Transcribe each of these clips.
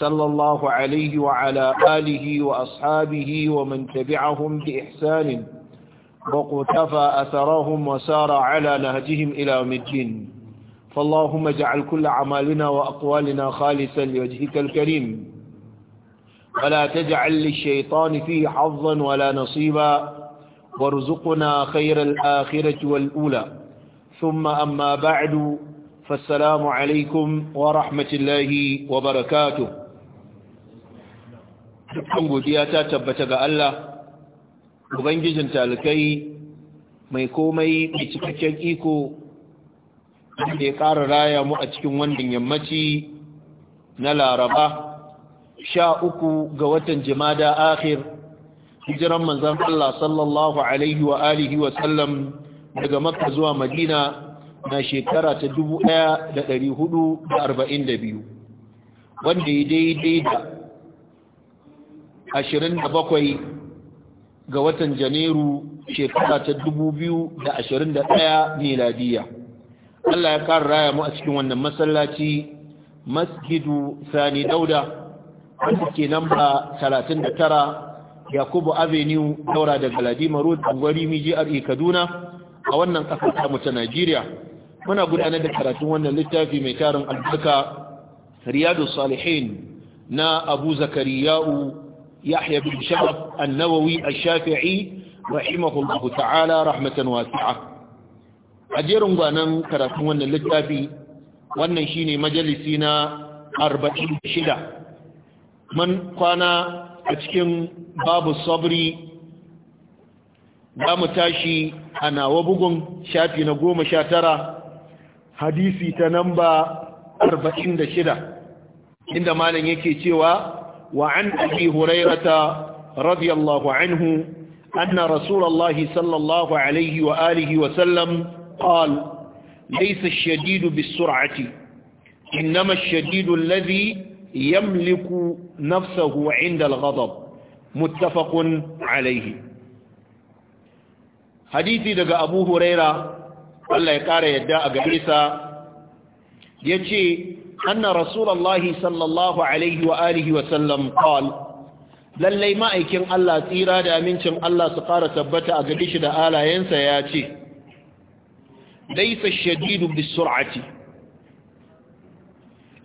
صلى الله عليه وعلى آله وأصحابه ومن تبعهم بإحسان وقتفى أثرهم وسار على نهجهم إلى مجين فاللهم اجعل كل عمالنا وأقوالنا خالصا لوجهك الكريم ولا تجعل للشيطان فيه حظا ولا نصيبا وارزقنا خير الآخرة والأولى ثم أما بعد فالسلام عليكم ورحمة الله وبركاته dukkan godiya ta tabbata ga Allah ubangijin talikai mai komai mai cikakken iko wanda ya ƙara raya mu a cikin wannan yammaci na laraba sha uku ga watan jimada akhir hijiran manzan Allah sallallahu alaihi wa alihi wa sallam daga maka zuwa madina na shekara ta dubu ɗaya da da ɗari hudu biyu, wanda ya daidai da ashirin da bakwai ga watan janairu shekara ta dubu biyu da ashirin da ɗaya miladiya Allah ya ƙara raya mu a cikin wannan masallaci masjidu sani dauda wanda ke namba talatin yakubu avenue daura da galadima road angwari mijiyar kaduna a wannan ƙasar tamu ta najeriya muna gudanar da karatun wannan littafi mai tarin albarka riyadu salihin na abu zakariya'u يحيى بن شعب النووي الشافعي رحمه الله تعالى رحمة واسعة أجيرون بأنهم كراتون للتابي wannan shine majalisi na 46 man kwana a cikin babu sabri zamu tashi a nawa bugun shafi na goma sha tara hadisi ta namba arba'in da shida inda malam yake cewa وعن أبي هريرة رضي الله عنه أن رسول الله صلى الله عليه وآله وسلم قال ليس الشديد بالسرعة إنما الشديد الذي يملك نفسه عند الغضب متفق عليه حديثي دقى أبو هريرة الله يقار يدعى قريسا يجي أن رسول الله صلى الله عليه وآله وسلم قال للي ما إكين الله تيرا دا منشن الله سقارة ثبت أقدش دا آلا ينسى ياتي ليس الشديد بالسرعة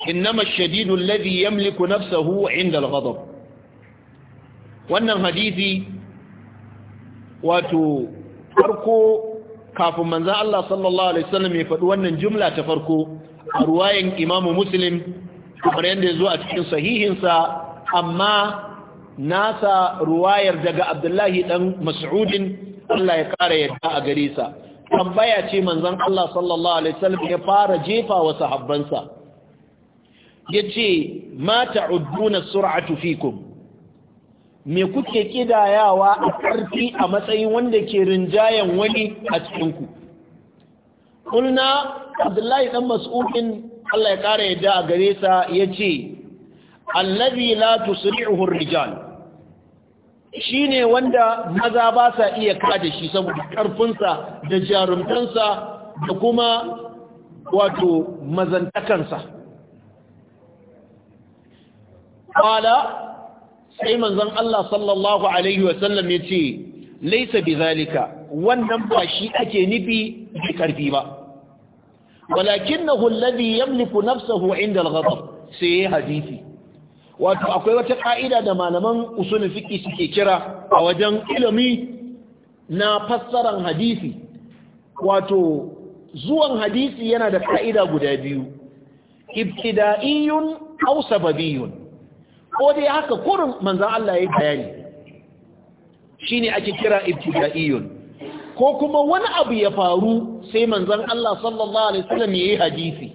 إنما الشديد الذي يملك نفسه عند الغضب wannan hadisi wato farko kafin manzan Allah sallallahu Alaihi wasallam ya faɗi wannan jumla ta farko a ruwayan imamu muslim kamar yadda zuwa cikin sahihinsa amma nasa ruwayar daga abdullahi dan mas'udin Allah ya kara yadda a gare sa tambaya ce manzon Allah sallallahu alaihi wasallam ya fara jefa wa sahabbansa yace ma ta'udduna sur'atu fikum me kuke kidayawa a karfi a matsayin wanda ke rinjayen wani a cikinku? kulna abdullahi dan mas'udin Allah ya kara yadda a gare sa yace allazi la tusri'uhu ar-rijal shine wanda maza ba sa iya kada shi saboda ƙarfinsa da jarumtansa da kuma wato mazantakansa wala sai manzon Allah sallallahu alaihi wasallam yace laysa zalika wannan ba shi ake nufi da karfi ba walakinahu alladhi yamliku nafsahu inda al-ghadab sai hadisi wato akwai wata ka'ida da malaman usunufiki fiqi suke kira a wajen ilimi na fassaran hadisi wato zuwan hadisi yana da ka'ida guda biyu ibtida'iyun aw sababiyun ko dai haka kurin manzon Allah ya bayani shine ake kira ibtida'iyun ko kuma wani abu ya faru sai manzon Allah sallallahu alaihi wasallam yayi hadisi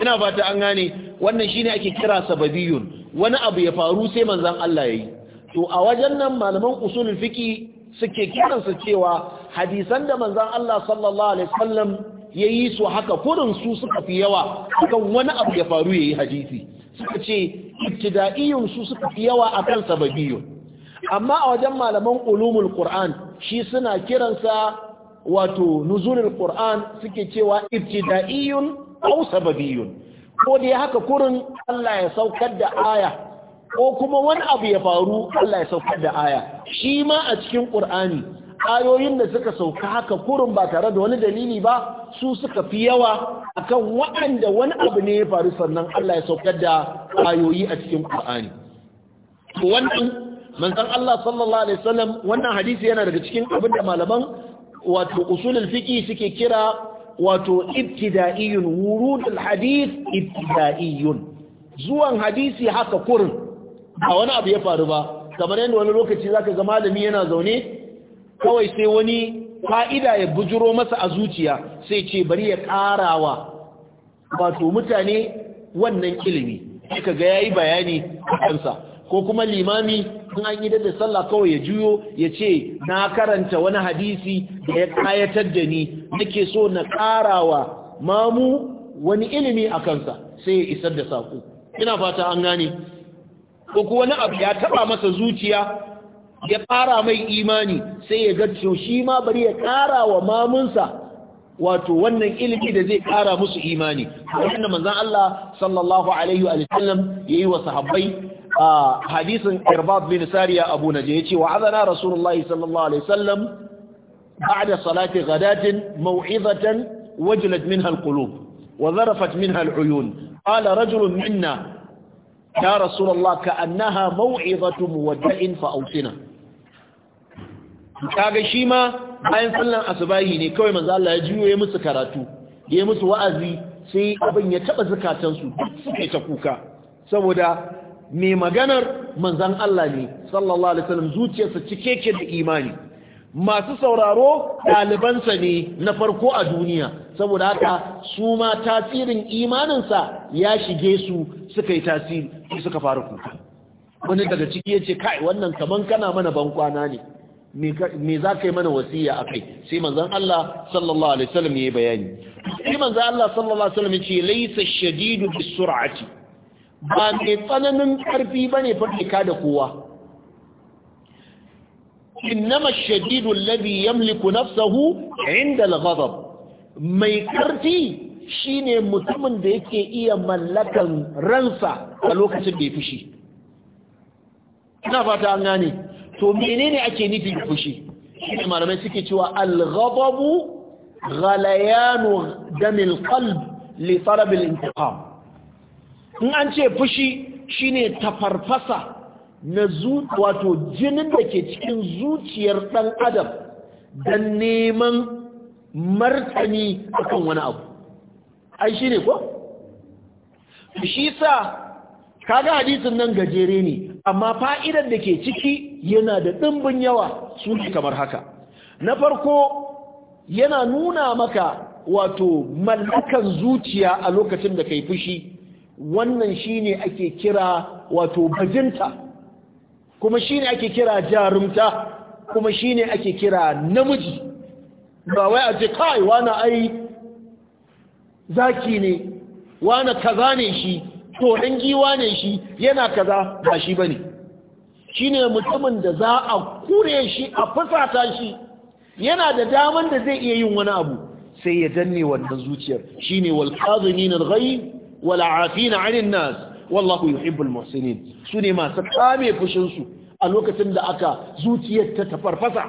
ina fata an gane wannan shine ake kira sababiyun wani abu ya faru sai manzon Allah yayi to a wajen nan malaman usulul fiki suke kiransa cewa hadisan da manzon Allah sallallahu alaihi wasallam yayi su haka kurin su suka fi yawa akan wani abu ya faru yayi hadisi suka ce ibtida'iyun su suka fi yawa akan sababiyun amma a wajen malaman ulumul qur'an shi suna kiransa wato nuzulul qur'an suke cewa ibtida'iyun aw sababiyun ko dai haka kurin Allah ya saukar da aya ko kuma wani abu ya faru Allah ya saukar da aya shi ma a cikin qur'ani ayoyin da suka sauka haka kurin ba tare da wani dalili ba su suka fi yawa akan waɗanda wani abu ne ya faru sannan Allah ya saukar da ayoyi a cikin qur'ani wannan manzon Allah sallallahu alaihi wasallam wannan hadisi yana daga cikin abin da malaman wato usulul fiqi suke kira wato ibtida'iyun wurudul hadith ibtida'iyun zuwan hadisi haka kurin ba wani abu ya faru ba kamar yadda wani lokaci zaka ga malami yana zaune kawai sai wani fa'ida ya bujiro masa a zuciya sai ce bari ya karawa wato mutane wannan ilimi suka ga yayi bayani kansa ko kuma limami in an yi da sallah kawai ya juyo ya ce na karanta wani hadisi da ya kayatar da ni nake so na karawa mamu wani ilimi a kansa sai ya isar da saƙo ina fata an gane ko ku wani abu ya taɓa masa zuciya ya ƙara mai imani sai ya gaccio shi ma bari ya ƙara wa mamunsa wato wannan ilimi da zai ƙara musu imani wannan manzon Allah sallallahu alaihi wa sallam yi wa sahabbai hadisin irbad bin sariya abu naje ce wa azana rasulullahi sallallahu alaihi wasallam ba'da salati ghadatin maw'izatan wajlat minha alqulub wa zarafat minha aluyun ala rajulun minna ya rasulullah ka'annaha maw'izatu muwadda'in fa awsina kaga shi ma bayan sallan asubahi ne kawai manzo Allah ya juyo ya musu karatu ya musu wa'azi sai abin ya taba zukatansu suke ta kuka saboda mai maganar manzan Allah ne sallallahu alaihi wasallam zuciyarsa cike ke da imani masu sauraro ɗalibansa ne na farko a duniya saboda haka su ma tasirin imaninsa ya shige su suka yi tasiri suka fara kuka wani daga ciki ya ce kai wannan kaman kana mana bankwana ne me za ka yi mana wasiya a kai sai manzan Allah sallallahu alaihi wasallam ya yi bayani sai manzan Allah sallallahu alaihi wasallam ya ce laisa shadidu bisur'ati ba mai tsananin ƙarfi ba ne fadika da kowa innama shadidu alladhi yamliku nafsahu inda al-ghadab mai ƙarfi shine mutumin da yake iya mallakan ransa a lokacin da ya fushi ina fata an gane to menene ake nufi da fushi shine malamai suke cewa al-ghadabu ghalayanu damil qalb li talab al in an ce fushi shine tafarfasa na wato jinin da ke cikin zuciyar ɗan adam don neman martani akan wani abu ai shine ko shi sa kaga hadisin nan gajere ne amma fa'idar da ke ciki yana da ɗimbin yawa su kamar haka na farko yana nuna maka wato mallakan zuciya a lokacin da kai fushi wannan shine ake kira wato bajinta kuma shine ake kira jarumta kuma shine ake kira namiji ba wai a ce kai wani ai zaki ne wani kaza ne shi to giwa ne shi yana kaza ba shi bane shine mutumin da za a kure shi a fusata shi yana da daman da zai iya yin wani abu sai ya danne wannan zuciyar shine ne qazimin al wal afina 'anil nas wallahu yuhibbul muhsinin sune masu kame fushin su a lokacin da aka zuciyar ta tafarfasa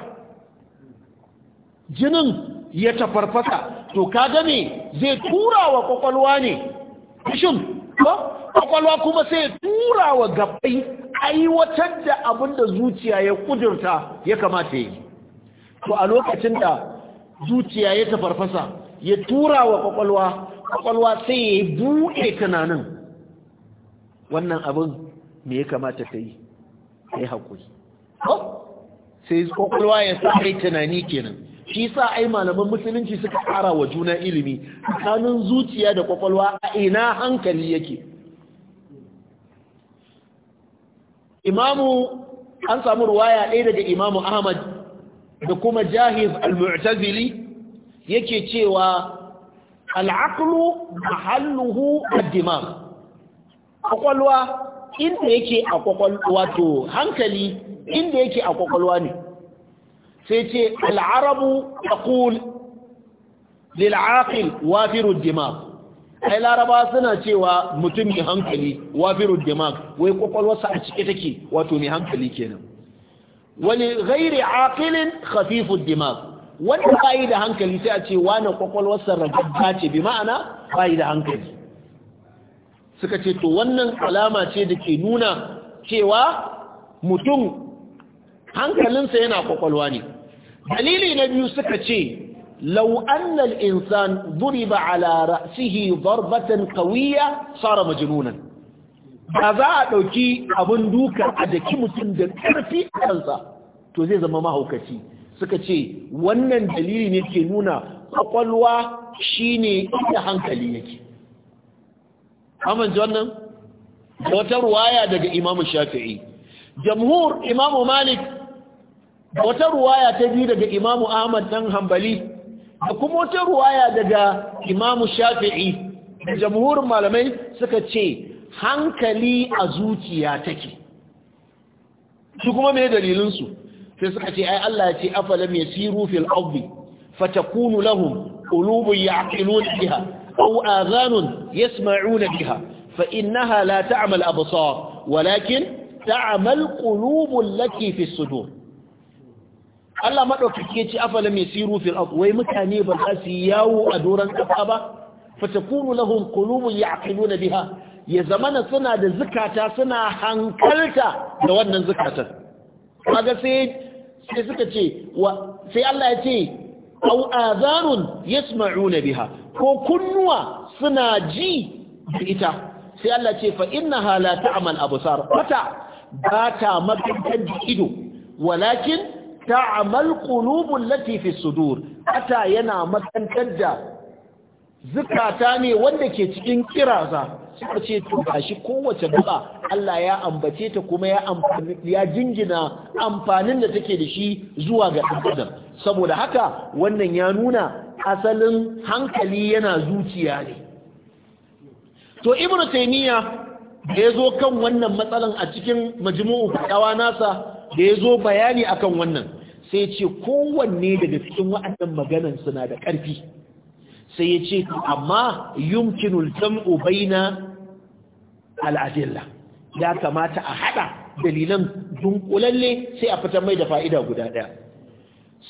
jinin ya tafarfasa to kaga ne zai tura wa ne fushin ko kwakwalwa kuma sai tura wa gabai aiwatar da abin da zuciya ya kudurta ya kamata yi to a lokacin da zuciya ya tafarfasa ya tura wa kwakwalwa sai ya buɗe tunanin wannan abin me ya kamata ta yi ya haƙuri sai kwakwalwa ya sa ai tunani kenan shi sa ai malaman musulunci suka ƙara wa juna ilimi tsakanin zuciya da kwakwalwa a ina hankali yake imamu an samu ruwaya ɗaya daga imamu ahmad da kuma jahiz al-mu'tazili yake cewa al'aqlu mahalluhu ad-dimam ƙwaƙwalwa inda yake a kwakwalwa to hankali inda yake a ƙwaƙwalwa ne sai ce al'arabu taqul lil aqil wafiru dimag ai laraba suna cewa mutum mai hankali wafiru dimag wai ƙwaƙwalwarsa a cike take wato mai hankali kenan wani ghairi aqilin khafifu dimag wanda ba da hankali sai a ce wane kwakwalwarsa rajabba ce bi ma'ana ba hankali suka ce to wannan alama ce da ke nuna cewa mutum hankalinsa yana kwakwalwa ne dalili na biyu suka ce lau annal buri duriba ala ra'sihi darbatan qawiyya sara majnunan ba za a ɗauki abun duka a daki mutum da ƙarfi a kansa to zai zama mahaukaci suka ce wannan dalili ne ke nuna kwakwalwa shine inda hankali yake ji wannan wata ruwaya daga imamu shafi'i jamhur imamu malik wata ruwaya ta biyu daga imamu ahmad dan hambali da kuma wata ruwaya daga imamu shafi'i da jamhurin malamai suka ce hankali a zuciya take su kuma mai dalilinsu sai suka ce ai Allah ya ce afalam yasiru fil ardi fatakunu lahum qulubun ya'qiluna biha aw adhanun yasma'una biha fa innaha la ta'mal absar walakin ta'mal qulubul lati fi sudur Allah madaukake ce afalam yasiru fil ardi wai mutane ba za su yawo a doran kafa ba fatakunu lahum qulubun ya'qiluna biha ya zamana suna da zukata suna hankalta da wannan zukatan kaga sai sai suka ce sai Allah ya ce au azanun yasma'una biha ko kunnuwa suna ji da ita sai Allah ce fa innaha la ta'mal absar wata ba ta magantar da ido walakin ta'mal qulubul lati fi sudur ata yana magantar da zukata ne wanda ke cikin kiraza suka ce to shi kowace gaba Allah ya ambace ta kuma ya jingina amfanin da take da shi zuwa ga adam saboda haka wannan ya nuna asalin hankali yana zuciya ne to ibnu taymiya da zo kan wannan matsalan a cikin majmu'u fatawa nasa da ya zo bayani akan wannan sai ce kowanne daga cikin waɗannan maganan suna da ƙarfi sai ya ce amma yumkinul jam'u baina al'adilla ya kamata a hada dalilan dunkulalle sai a fitar mai da fa'ida guda daya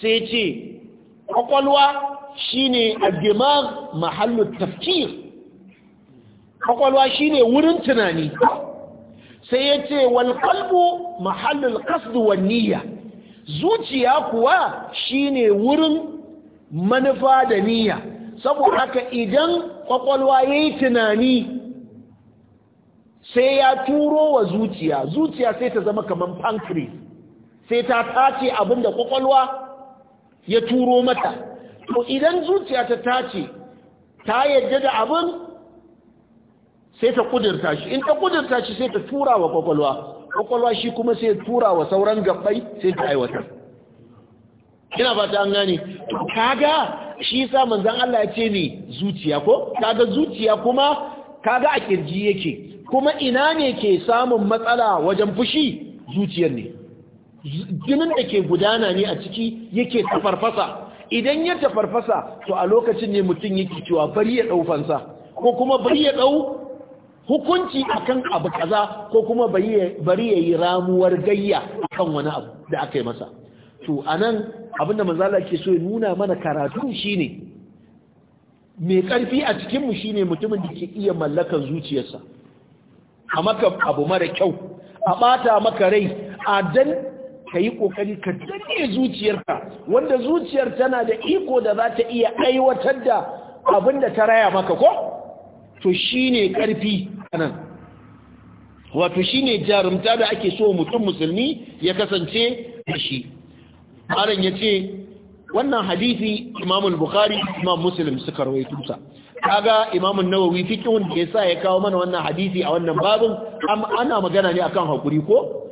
sai ce kwakwalwa shine addimag mahallu tafkir kwakwalwa shine wurin tunani sai ya ce walƙalbu mahallul kasdu niyya zuciya kuwa shine wurin manufa da niyya saboda haka idan kwakwalwa ya yi tunani sai ya turo wa zuciya zuciya sai ta zama kamar pancreas sai ta tace abin da kwakwalwa ya turo mata to idan zuciya ta tace ta yadda da abin sai ta kudurta shi in ta kudurta shi sai ta tura wa kwakwalwa kwakwalwa shi kuma sai tura wa sauran gabbai sai ta aiwatar ina ba ta an gane kaga shi yasa manzon Allah ya ce ni zuciya ko kaga zuciya kuma kaga a kirji yake kuma ina ne ke samun matsala wajen fushi zuciyar ne jinin da ke gudana ne a ciki yake tafarfasa idan ya tafarfasa to a lokacin ne mutum yake cewa bari ya fansa, ko kuma bari ya ɗau hukunci akan abu kaza ko kuma bari ya yi ramuwar gayya akan wani abu da aka yi masa to anan abinda manzala ke so ya nuna mana karatu shine mai karfi a cikin mu shine mutumin da ke iya mallakar zuciyarsa a maka abu mara kyau a ɓata maka rai a dan ka yi ƙoƙari ka danne zuciyarka wanda zuciyar tana da iko da za ta iya aiwatar da abin da ta raya maka ko? to shi ne ƙarfi nan wato shi ne jarumta da ake so mutum musulmi ya kasance da shi malam ya ce wannan hadisi imamul bukhari imam muslim suka rawai tuta kaga imamun nawawi fiqhun da yasa ya kawo mana wannan hadisi a wannan babin ana magana ne akan hakuri ko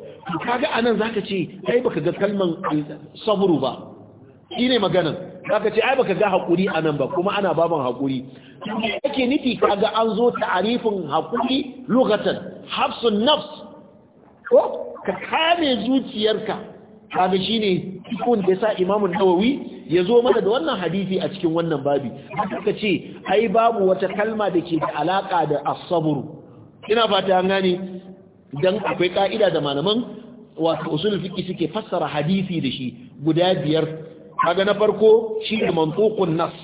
kaga anan zaka ce kai baka ga kalman sabru ba shine maganan zaka ce ai baka ga hakuri anan ba kuma ana baban hakuri yake nufi kaga an zo ta'arifin hakuri lugatan hafsun nafs ko ka kame zuciyarka kaga shine kun da sa Imam Nawawi ya zo mana da wannan hadisi a cikin wannan babi haka ce ai babu wata kalma da ke da alaƙa da as ina fata an gane dan akwai ƙa'ida da malaman wato usul fiqi suke fassara hadisi da shi guda biyar kaga na farko shine mantuqun nas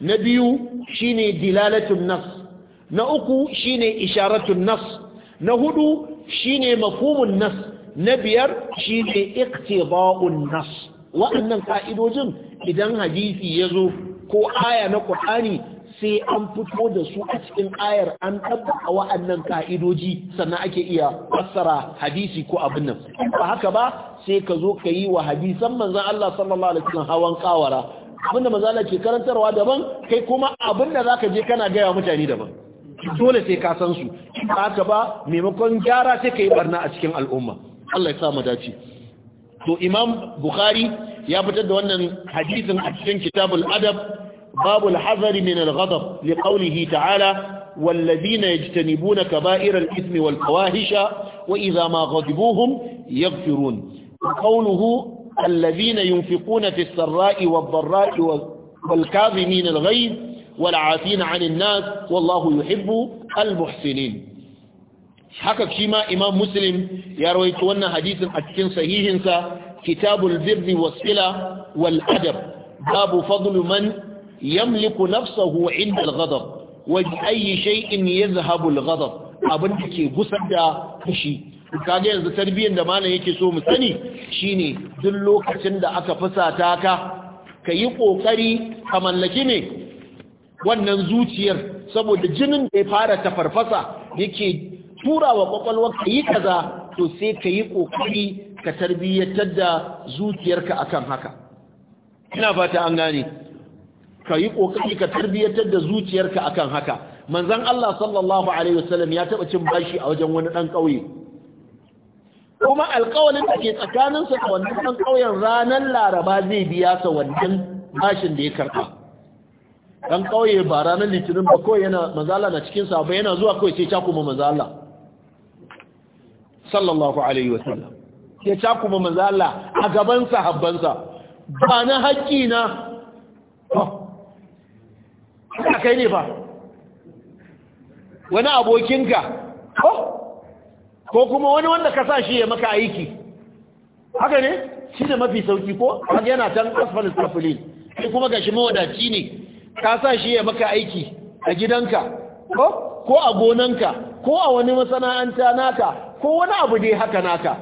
na biyu shine dilalatun nas na uku shine isharatun nas na hudu shine mafhumun nas na biyar shi ne iktiba'un nas wa'annan ka'idojin idan hadisi ya zo ko aya na ƙur'ani sai an fito da su a cikin ayar an ɗabba wa'annan ka'idoji sannan ake iya fassara hadisi ko abin nan ba haka ba sai ka zo ka yi wa hadisan manzan Allah sallallahu alaihi wasallam hawan kawara abinda manzan Allah ke karantarwa daban kai kuma abinda zaka je kana gaya mutane daban dole sai ka san su haka ba maimakon gyara sai ka yi barna a cikin al'umma Allah ya sa mu dace to imam bukhari ya fitar da wannan hadisin a cikin kitabul adab babul hazari min al-ghadab li qawlihi ta'ala wal ladina yajtanibuna kaba'ir al-ithmi wal fawahisha wa idha ma ghadibuhum yaghfirun qawluhu al ladina yunfiquna fi as-sara'i wad-dharra'i wal kadhimin al-ghayb wal 'afina 'anil nas wallahu yuhibbu al-muhsinin haka shi ma imam muslim ya rawaito wannan hadisin a cikin sahihinsa kitabul birri wasila wal adab babu fadlu man yamliku nafsahu inda al-ghadab wa bi ayi shay'in yadhhabu al-ghadab abin da ke gusar da fushi kaga yanzu tarbiyyar da malam yake so mu sani shine duk lokacin da aka fusata ka kayi kokari ka mallaki ne wannan zuciyar saboda jinin da ya fara tafarfasa yake tura wa kwakwalwar ka yi kaza to sai ka yi kokari ka tarbiyyatar da zuciyarka akan haka ina fata an gane ka yi kokari ka tarbiyyatar da zuciyarka akan haka manzan Allah sallallahu alaihi wasallam ya taba cin bashi a wajen wani ɗan ƙauye. kuma alƙawalin da ke tsakanin sa da wannan dan kauyen ranar Laraba zai biya sa wannan bashin da ya karɓa. Ɗan ƙauye ba ranar Litinin ba ko yana mazala na cikin sa yana zuwa kawai sai ta kuma mazala. sallallahu alaihi wasallam ya cakuma kuma Allah a gaban sahabbansa ba na haƙƙi na ba kai ne ba wani abokinka ko kuma wani wanda ka sa shi ya maka aiki haka ne shi ne mafi sauki ko haka yana can asfalin safilin sai kuma gashi mawadaci ne ka sa shi ya maka aiki a gidanka ko a gonanka ko a wani masana'anta naka ko wani abu dai haka naka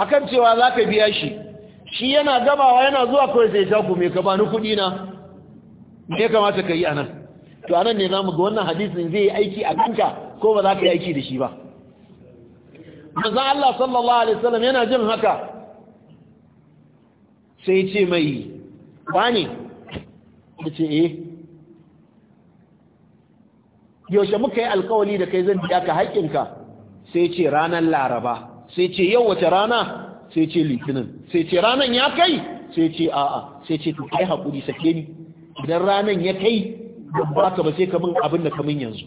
akan cewa za ka biya shi shi yana gabawa yana zuwa kawai sai ta kume ka bani kuɗi na me ya kamata ka yi a nan to a nan ne za mu ga wannan hadisin zai yi aiki a kanka ko ba za ka yi aiki da shi ba maza Allah sallallahu alaihi wasallam yana jin haka sai ce mai bani ya ce eh yaushe muka yi alkawali da kai zan biya ka haƙƙinka sai ce ranar laraba sai ce yau wace rana sai ce litinin sai ce ranar ya kai sai ce a'a sai ce kai haƙuri sake ni idan ranar ya kai ba ka ba sai kamun abin da kamun yanzu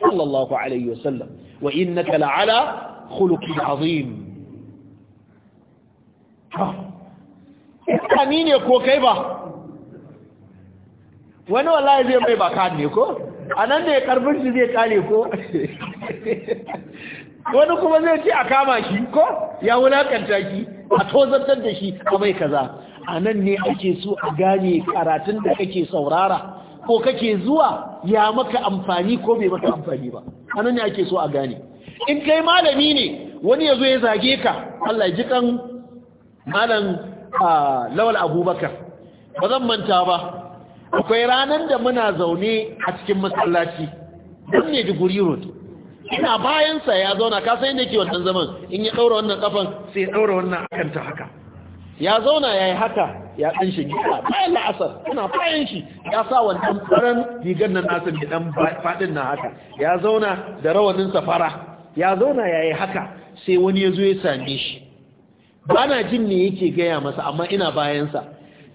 sallallahu alaihi wasallam wa innaka la'ala khuluqin azim kami ne ko kai ba wani wallahi zai mai ba baka ne ko a nan da ya karbin shi zai kare ko wani kuma zai ce a kama shi ko ya wulakanta shi a tozartar da shi a mai kaza a nan ne ake so a gane karatun da kake saurara ko kake zuwa ya maka amfani ko bai maka amfani ba a nan ne ake so a gane in kai malami ne wani ya zo ya zage ka Allah ya ji kan malam lawal abubakar ba zan manta ba akwai ranar da muna zaune a cikin masallaci don ne diguri rotu ina bayansa ya zauna ka sai inda ke wannan zaman in ya ɗaura wannan kafan sai ya ɗaura wannan akan ta haka ya zauna ya yi haka ya ɗan shi gida bayan la'asar ina bayan shi ya sa wannan faran rigar nan nasa mai ɗan faɗin na haka ya zauna da rawanin safara ya zauna ya yi haka sai wani ya zo ya same shi ba na jin ne yake gaya masa amma ina bayansa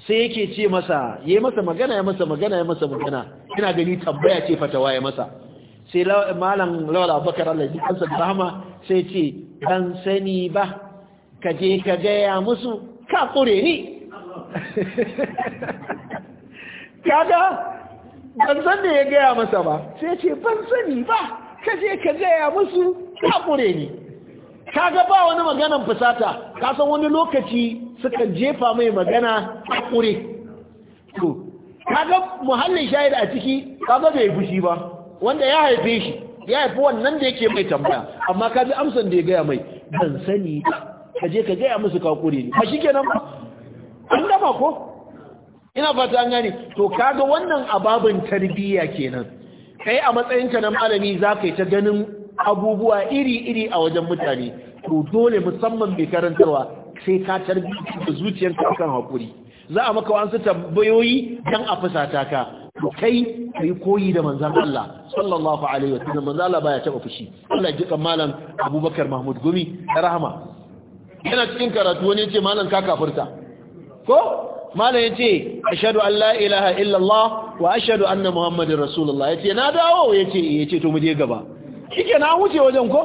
sai yake ce masa ya yi masa magana ya masa magana ya masa magana ina gani tambaya ce fatawa ya masa sai malam lawal abubakar Allah ji kansa da rahama sai ce ban sani ba ka je ka gaya musu ka kure ni kaga ban san da ya gaya masa ba sai ce ban sani ba ka je ka gaya musu ka kure ni kaga ba wani maganan fusata ka san wani lokaci sukan jefa mai magana ka kure to kaga muhallin shahid a ciki kaga bai fushi ba wanda ya haife shi ya haifi wannan da yake mai tambaya amma ka bi amsan da ya gaya mai ban sani ka je ka gaya musu kakuri ne ba shi ke nan ba an dama ko ina fata an gani to kaga wannan ababen tarbiyya kenan kai a matsayinka na malami za ka yi ta ganin abubuwa iri-iri a wajen mutane to dole musamman bai karantarwa sai ka tarbiyya da zuciyarka kan hakuri za a maka wa'ansu tambayoyi dan a fusata ka kai kai koyi da manzan Allah sallallahu alaihi wa sallam manzan Allah baya taba fushi Allah ya jikan malam Abubakar Mahmud Gumi Ya rahama yana cikin karatu wani yace malam ka kafirta ko malam yace ashhadu an la ilaha illa Allah wa ashhadu anna Muhammadar Rasulullah yace na dawo yace yace to mu je gaba shike na wuce wajen ko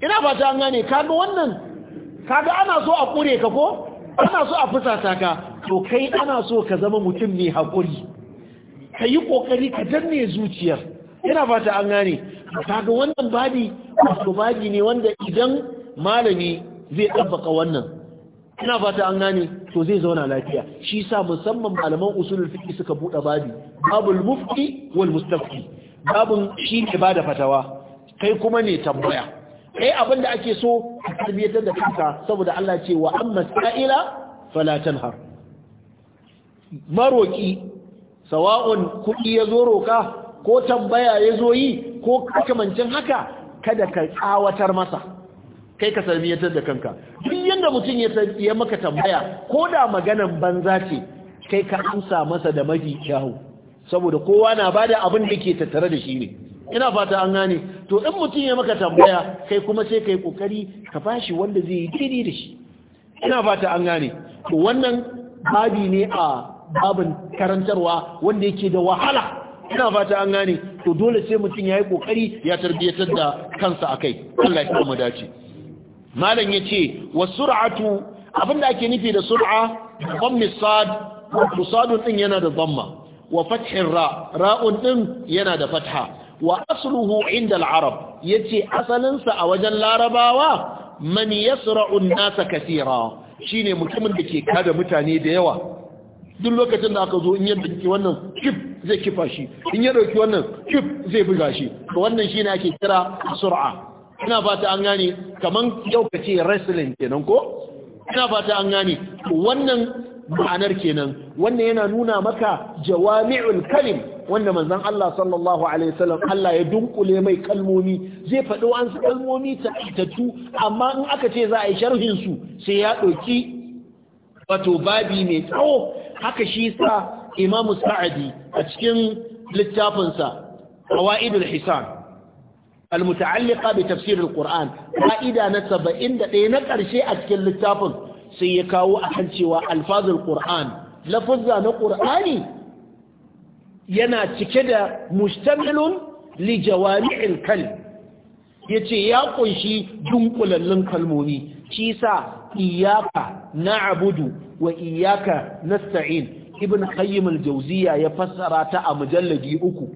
ina fata an gane kaga wannan kaga ana so a kure ka ko ana so a fusata ka to kai ana so ka zama mutum mai haƙuri ka yi ƙoƙari ka danne zuciyar yana fata an gane kaga wannan babi wato babi ne wanda idan malami zai ɗabbaka wannan ina fata an gane to zai zauna lafiya shi sa musamman malaman usulul fiqh suka buɗe babi babul mufti wal mustafi. babun shi ne bada fatawa kai kuma ne tambaya kai abin da ake so a tarbiyyar da kanka saboda Allah ce wa amma sa'ila fala tanhar maroki sawa'un kuɗi ya zo roka ko tambaya ya zo yi ko kamancin haka kada ka tsawatar masa kai ka tarbiyyar da kanka duk yadda mutum ya ya maka tambaya ko da maganan banza ce kai ka amsa masa da mafi kyawu saboda kowa na bada abin da ke tattare da shi ne ina fata an gane to in mutum ya maka tambaya kai kuma sai kai kokari ka bashi wanda zai yi daidai da shi ina fata an gane to wannan babi ne a babin karantarwa wanda yake da wahala ina fata an gane to dole sai mutum ya yi kokari ya tarbiyyatar da kansa akai Allah ya kuma dace malam yace wasur'atu abinda ake nufi da sur'a dhammi sad sadun din yana da dhamma wa fathin ra ra'un din yana da fatha wa asluhu inda la'arab ya yace asalinsa a wajen larabawa man yasra'u nasa nas Shi shine mutumin da ke kada mutane da yawa duk lokacin da aka zo in ya dauki wannan kif zai kifa shi in ya dauki wannan kif zai buga shi to wannan shine ake kira sur'a ina fata an gane kaman yau ce wrestling kenan ko ina fata an gane wannan ma'anar kenan wannan yana nuna maka jawami'ul kalim wanda manzon Allah sallallahu alaihi wasallam Allah ya dunkule mai kalmomi zai faɗo an su kalmomi ta aitattu amma in aka ce za a yi sharhin su sai ya ɗauki wato babi mai tsawo haka shi sa Imam Sa'adi a cikin littafinsa Qawaidul Hisan almuta'alliqa bi tafsir alquran ƙa'ida na saba'in da ɗaya na ƙarshe a cikin littafin sai ya kawo akan cewa alfazul qur'an lafuzza na qur'ani yana cike da mustamilun li jawami'il kalim yace ya ƙunshi dunkulallun kalmomi shi sa iyaka na'budu wa iyaka nasta'in ibn qayyim al-jawziya ya fassara ta a mujalladi uku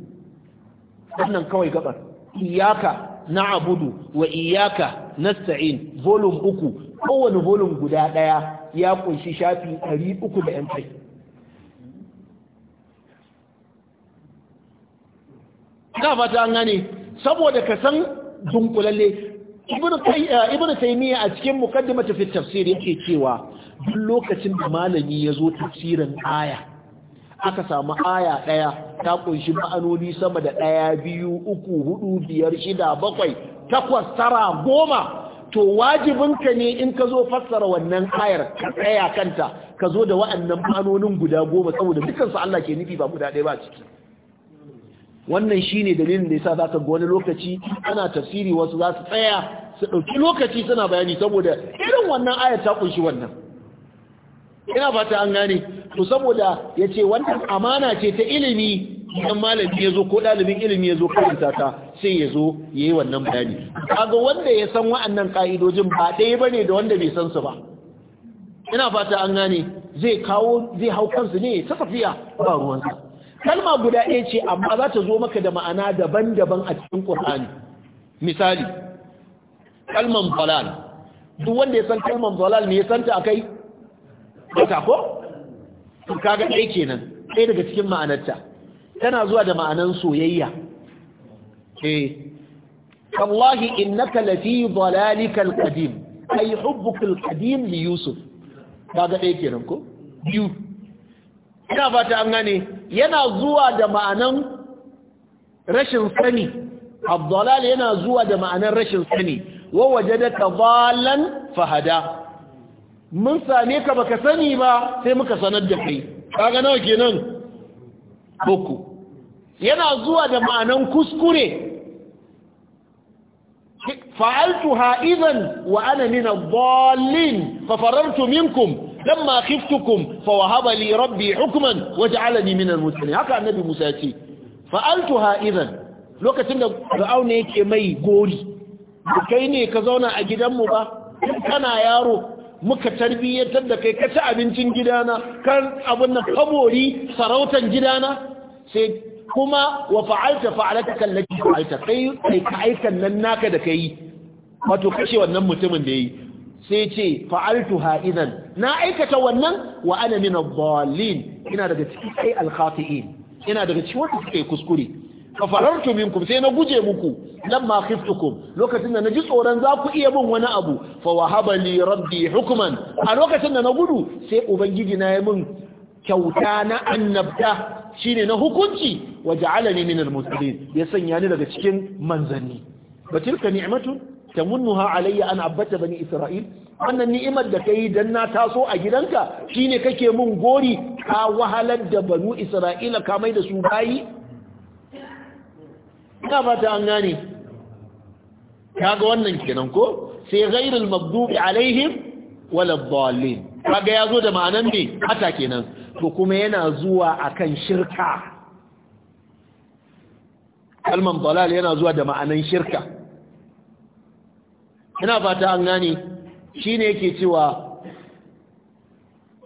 wannan kawai gabar iyaka na abudu wa iyaka Sa'in volume uku kowane volume guda ɗaya ya kunshi shafi 300 da yan kai fata an gane saboda ka san dunkulalle ibn eh, taymiya a cikin muqaddimatu fi tafsir yake cewa duk lokacin da malami ya zo tafsirin aya aka samu aya ɗaya ta kunshi ma'anoni sama da ɗaya biyu uku hudu biyar shida bakwai takwas tara goma to wajibinka ne in ka zo fassara wannan ayar ka tsaya kanta ka zo da wa'annan ma'anonin guda goma saboda dukansu Allah ke nufi ba guda ɗaya ba ciki wannan shine dalilin da yasa zaka ga wani lokaci ana tafsiri wasu za su tsaya su ɗauki lokaci suna bayani saboda irin wannan ayar ta ƙunshi wannan ina fata an gane to saboda ya ce wannan amana ce ta ilimi idan malami ya zo ko ɗalibin ilimi ya zo karanta ta sai ya zo ya yi wannan bayani kaga wanda ya san wa'annan ka'idojin ba ɗaya ba da wanda bai san su ba ina fata an gane zai kawo zai hau kansu ne ta tafiya ba ruwansa kalma guda ɗaya ce amma za ta zo maka da ma'ana daban-daban a cikin ƙur'ani misali kalman balal duk wanda ya san kalman balal ne ya santa akai wata ko? kaga ɗai kenan ɗaya daga cikin ma'anarta tana zuwa da ma'anan soyayya eh wallahi innaka lafi dhalalika alqadim ay hubbuka alqadim li yusuf kaga ɗaya kenan ko biyu ina fata an gane yana zuwa da ma'anan rashin sani abdalal yana zuwa da ma'anan rashin sani wa wajadaka dhalan fahada mun same ka baka sani ba sai muka sanar da kai kaga nawa kenan uku yana zuwa da ma'anan kuskure fa'altuha idan wa ana min ad-dallin fa farartu minkum fa خفتكم فوهب لي ربي حكما وجعلني al المسلمين Haka Annabi Musa يتي فألتها إذن lokacin da fir'auna yake mai gori kai ne ka zauna a gidanmu ba kana yaro muka tarbiyyatar da kai ka ci abincin gidana kan abin kabori favori sarautan gidana sai kuma wa fa'alta fa'alata kallaki fa'alta kai kai ka aikan nan naka da kai wato kashe wannan mutumin da yi sai ce fa'altu ha'izan. na aikata wannan wa ana min ad ina daga cikin ai al ina daga cikin wanda suke kuskure fafarartu minkum sai na guje muku lamma khiftukum lokacin da naji tsoron za ku iya min wani abu fa wahaba li rabbi hukman a lokacin da na gudu sai ubangiji na yi min kyauta na annabta shine na hukunci waje ja'alani min al-muslimin ya sanya ni daga cikin manzanni batilka ni'matu tamunnuha alayya an abbata bani isra'il wannan ni'imar da kai dan na taso a gidanka shine kake mun gori ka wahalar da banu isra'ila ka mai da su bayi ina fata an gane kaga wannan kenan ko sai ghairul maghdubi alaihim wala kaga yazo da ma'anan ne hata kenan to kuma yana zuwa akan shirka kalman dalal yana zuwa da ma'anan shirka ina fata an gane shine yake cewa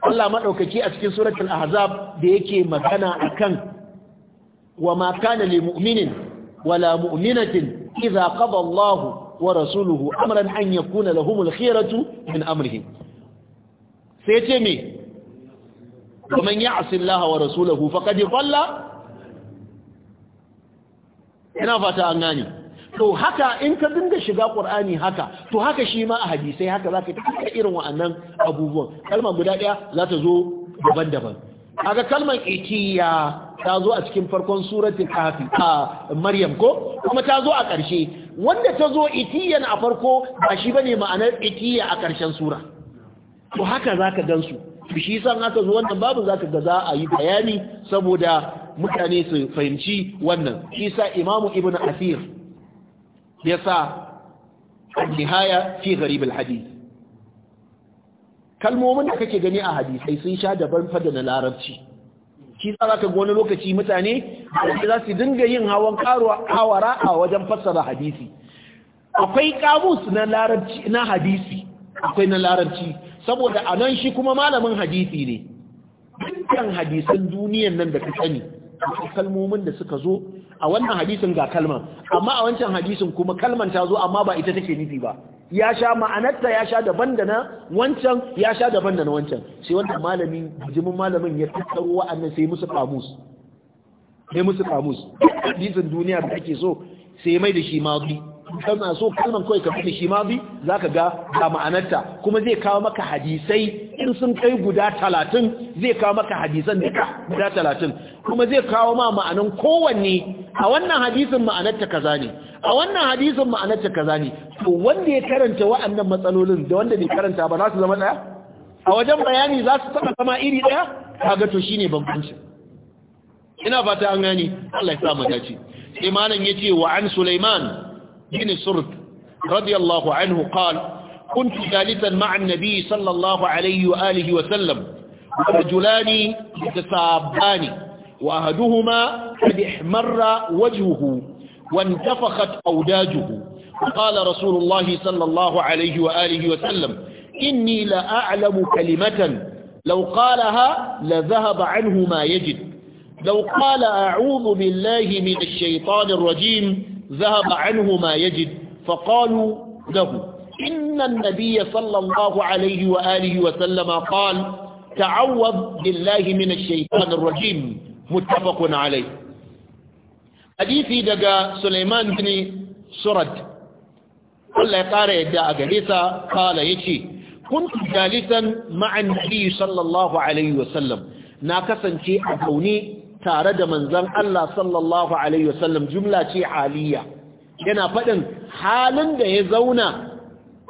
Allah madaukaki a cikin suratul ahzab da yake magana akan wa ma kana lil mu'minin ولا مؤمنة إذا قضى الله ورسوله أمرا أن يكون لهم الخيرة من أمرهم سيتمي ومن يعص الله ورسوله فقد ضل ina fata an gani. to haka in ka dinga shiga qur'ani haka to haka shi ma a hadisai haka zaka ta irin wa'annan abubuwan kalma guda daya za ta zo daban-daban kaga kalmar itiya ta zo a cikin farkon suratul kafi a maryam ko kuma ta zo a ƙarshe wanda ta zo itiyan a farko ba shi bane ma'anar itiya a ƙarshen sura to haka zaka gansu shi san haka zo wannan babu zaka ga za a yi bayani saboda mutane su fahimci wannan shi sa imamu ibnu asir ya sa nihaya fi gharib alhadith kalmomin da kake gani a hadisai sun sha daban fa da na larabci shi sa ka ga wani lokaci mutane za su dinga yin hawan karuwa hawara a wajen fassara hadisi akwai kamus na larabci na hadisi akwai na larabci saboda a nan shi kuma malamin hadisi ne dukkan hadisan duniyan nan da ka sani akwai kalmomin da suka zo a wannan hadisin ga kalma amma a wancan hadisin kuma kalman ta zo amma ba ita take nufi ba ya sha ma'anarta ya sha daban da na wancan ya sha daban da na wancan sai wanda malami jimin malamin ya tattaro wa'annan sai musu kamus sai musu kamus hadisin duniya da ake so sai mai da shi mazi kana so kalman kai ka fi shi bi za ka ga ga ma'anarta kuma zai kawo maka hadisai in sun kai guda talatin zai kawo maka hadisan duka guda talatin kuma zai kawo ma ma'anan kowanne a wannan hadisin ma'anarta kaza ne a wannan hadisin ma'anarta kaza ne to wanda ya karanta wa'annan matsalolin da wanda bai karanta ba za su zama daya a wajen bayani za su taba zama iri daya kaga to shine bambanci ina fata an gani Allah ya sa mu dace sai malam yace wa an Sulaiman بن سرد رضي الله عنه قال كنت جالسا مع النبي صلى الله عليه وآله وسلم ورجلان يتسابان وأهدهما قد احمر وجهه وانتفخت أوداجه قال رسول الله صلى الله عليه وآله وسلم إني لأعلم كلمة لو قالها لذهب عنه ما يجد لو قال أعوذ بالله من الشيطان الرجيم ذهب عنه ما يجد فقالوا له إن النبي صلى الله عليه وآله وسلم قال تعوذ بالله من الشيطان الرجيم متفق عليه حديثي دقى سليمان بن سرد قال يقار يدعى جليسا قال يشي كنت جالسا مع النبي صلى الله عليه وسلم ناكسا شيء أكوني tare da manzan Allah sallallahu alaihi wasallam jumla ce haliya yana faɗin halin da ya zauna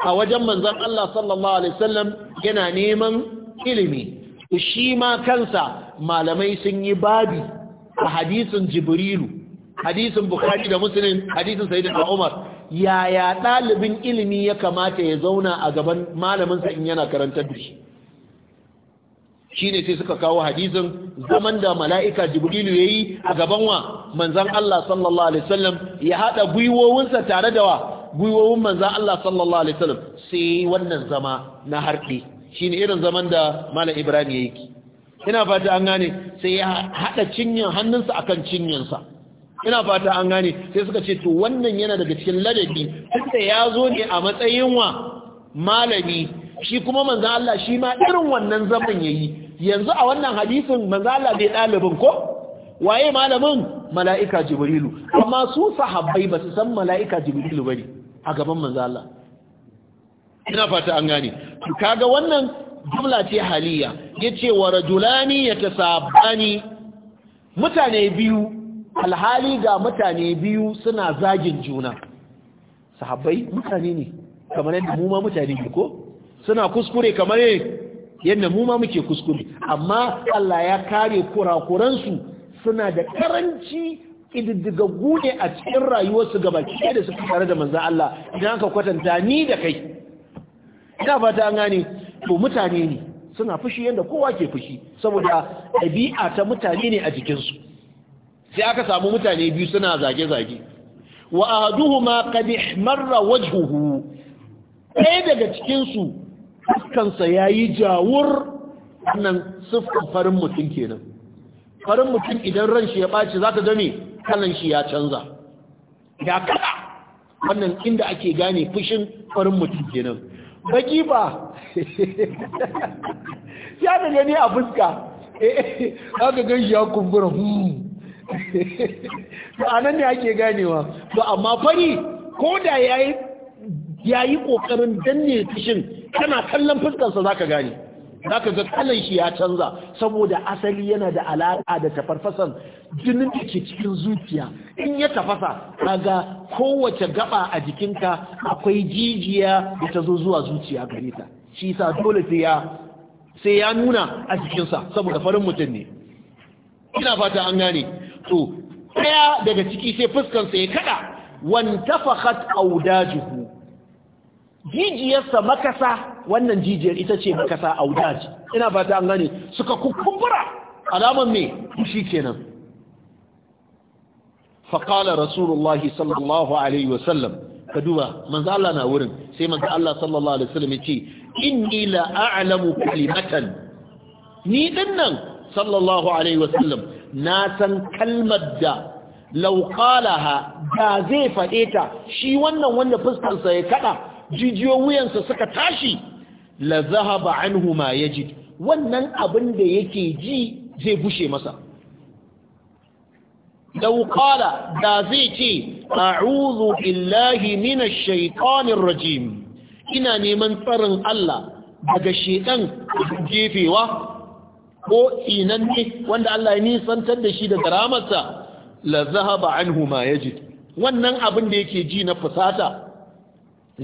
a wajen manzan Allah sallallahu alaihi wasallam yana neman ilimi shi ma kansa malamai sun yi babi a hadisin jibrilu hadisin bukhari da muslim hadisin sayyidina umar yaya ɗalibin ilimi ya kamata ya zauna a gaban malaminsa in yana karantar da shi shine sai suka kawo hadisin zaman da mala'ika jibrilu yayi a gaban wa manzon Allah sallallahu alaihi wasallam ya hada gwiwowinsa tare da wa gwiwowin manzon Allah sallallahu alaihi wasallam sai wannan zama na Shi shine irin zaman da malam Ibrahim yayi ina fata an gane sai ya hada cinyan hannunsa akan cinyarsa. ina fata an gane sai suka ce to wannan yana daga cikin ladabi tunda ya zo ne a matsayin wa malami shi kuma manzan Allah shi ma irin wannan zaman ya yi yanzu a wannan hadisin manzan Allah bai ɗalibin ko waye malamin mala'ika jibrilu amma su sahabbai ba su san mala'ika jibrilu ba ne a gaban manzan Allah ina fata an gane kaga wannan jumla ce haliya yace wa rajulani yatasabani mutane biyu alhali ga mutane biyu suna zagin juna sahabbai mutane ne kamar yadda mu ma mutane ne ko suna kuskure kamar yadda mu ma muke kuskure amma Allah ya kare kurakuransu suna da karanci ididdigaggu ne a cikin rayuwarsu gabaki da suka tare da manzan Allah idan aka kwatanta ni da kai ina fata an gane to mutane ne suna fushi yadda kowa ke fushi saboda ɗabi'a ta mutane ne a jikinsu sai aka samu mutane biyu suna zage-zage wa ahaduhuma qad ihmarra wajhuhu ɗaya daga cikinsu fuskansa ya yi jawur wannan siffar farin mutum kenan farin mutum idan ran shi ya ɓaci za ta gane kanan shi ya canza ya kada wannan inda ake gane fushin farin mutum kenan baki ba ya da gani a fuska eh, za ka gan shi ya kumbura hmm. a nan ne ake ganewa to amma fari ko da ya yi ƙoƙarin danne fushin kana kallon fuskarsa zaka gane zaka ga kalan shi ya canza saboda asali yana da alaƙa da tafarfasan jinin da ke cikin zuciya in ya tafasa kaga kowace gaba a jikinka akwai jijiya da ta zo zuwa zuciya gare ta shi sa dole sai ya sai ya nuna a jikinsa saboda farin mutum ne ina fata an gane to daya daga ciki sai fuskansa ya kada wantafakhat audajuhu jijiyarsa makasa wannan jijiyar ita ce makasa audaj ina fata an gani. suka kukumbura alaman mai shi kenan faƙala rasulullahi sallallahu alaihi wasallam ka duba manzo Allah na wurin sai manzo Allah sallallahu alaihi wasallam ya ce inni la a'lamu kalimatan ni dinnan sallallahu alaihi wasallam na san kalmar da lauƙalaha da zai faɗe ta shi wannan wanda fuskarsa ya kaɗa Jijiyo wuyansa suka tashi la zahaba anhu ma yajid wannan abin da yake ji zai bushe masa law qala da zai ce a'udhu billahi minash shaitanir rajim ina neman tsarin Allah daga shedan jefewa ko inan ne wanda Allah ya nisantar da shi daga ramarsa la zahaba anhu ma yajid wannan abin da yake ji na fusata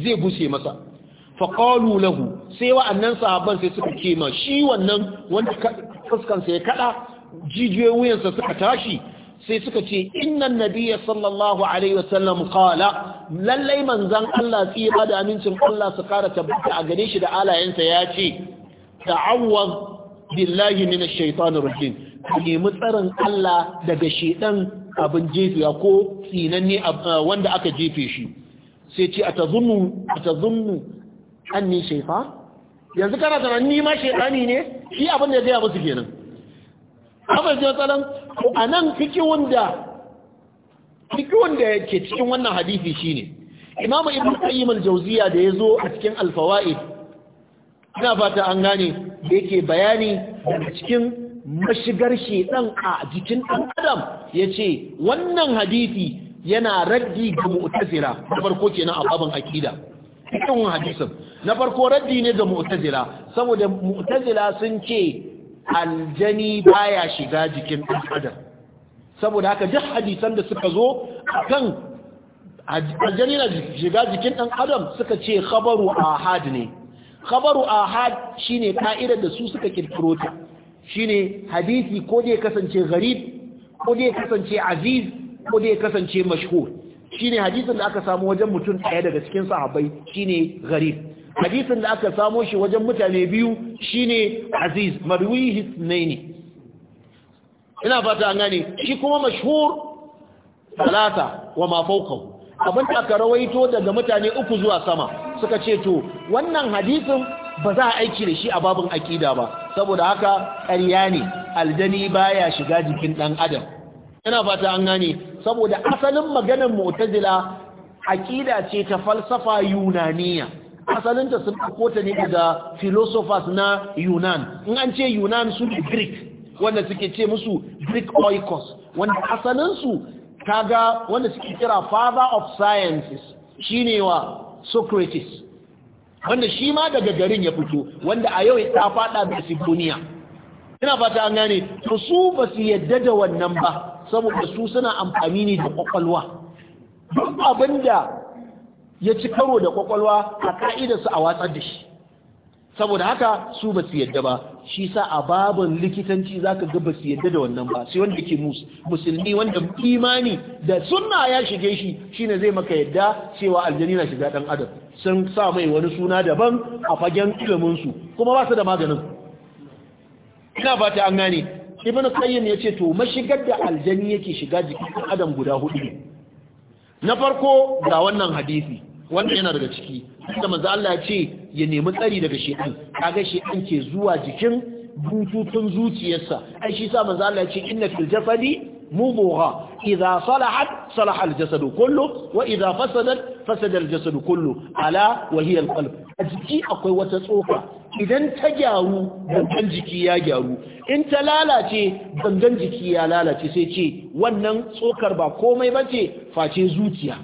zai buse masa faƙalu lahu sai wa'annan sahabban sai suka kema shi wannan wanda fuskansa ya kada jijiyoyin wuyansa suka tashi sai suka ce innan nabiyya sallallahu alaihi wasallam qala lallai manzan Allah tsira da amincin Allah su kara tabbata a gare shi da alayensa ya ce ta'awwaz billahi minash shaitanir rajim nemi tsarin Allah daga shedan abin jefiya ko tsinanne wanda aka jefe shi sai ce a zunnu an ne shaifa yanzu kana tunanin nima ma shaifani ne shi abin da ya gaya musu kenan abin da tsalan ko a nan fikihun wanda ke cikin wannan hadisi shine imamu ibn qayyim al-jawziya da zo a cikin alfawa'id ina fata an gane da yake bayani daga cikin mashigar shedan a jikin ɗan adam ya ce wannan hadifi. yana raddi ga mu'tazila na farko kenan a baban akida cikin hadisin na farko raddi ne ga mu'tazila saboda mu'tazila sun ce aljani baya shiga jikin ɗan adam saboda haka duk hadisan da suka zo kan aljani na shiga jikin ɗan adam suka ce khabaru ahad ne khabaru ahad shine ka'idar da su suka kirkiro ta shine hadisi ko dai kasance gharib ko dai kasance aziz ko ya kasance mashhur shine hadisin da aka samu wajen mutum ɗaya daga cikin sahabbai shine gharib hadisin da aka samo shi wajen mutane biyu shine aziz marwihi ne. ina fata an gane shi kuma mashhur talata wa ma abin da aka rawaito daga mutane uku zuwa sama suka ce to wannan hadisin ba za a aiki da shi a babin akida ba saboda haka ƙarya ne aljani baya shiga jikin ɗan adam ina fata an gane saboda asalin maganar mu'tazila aqida ce ta falsafa yunaniya asalinta sun ɗauko ta ne daga philosophers na yunan in an ce yunan su ne greek wanda suke ce musu greek oikos wanda asalinsu kaga wanda suke kira father of sciences shine wa socrates wanda shi ma daga garin ya fito wanda a yau ya faɗa fada da sibuniya ina fata an gane to su ba su yadda da wannan ba saboda su suna amfani ne da kwakwalwa duk abin ya ci karo da kwakwalwa a su a watsar da shi saboda haka su ba su yadda ba shi sa a babin likitanci za ka ga ba su yadda da wannan ba sai wanda ke musulmi wanda imani da sunna ya shige shi shine zai maka yadda cewa aljani na shiga dan adam sun sa mai wani suna daban a fagen ilimin kuma ba su da maganin ina ba ta an gane ibn qayyim yace to mashigar da aljani yake shiga jikin adam guda hudu ne na farko ga wannan hadisi wanda yana daga ciki da manzo Allah ya ce ya nemi tsari daga shedan kaga shedan ke zuwa jikin bututun zuciyarsa ai shi sa manzo Allah ya ce inna fil jasadi mubugha idza salahat salaha al jasad kullu wa idza fasadat fasada al jasad kullu ala wa hiya al qalb a jiki akwai wata tsoka idan ta gyaru gangan jiki ya gyaru in ta lalace gangan jiki ya lalace sai ce wannan tsokar ba komai ba ce face zuciya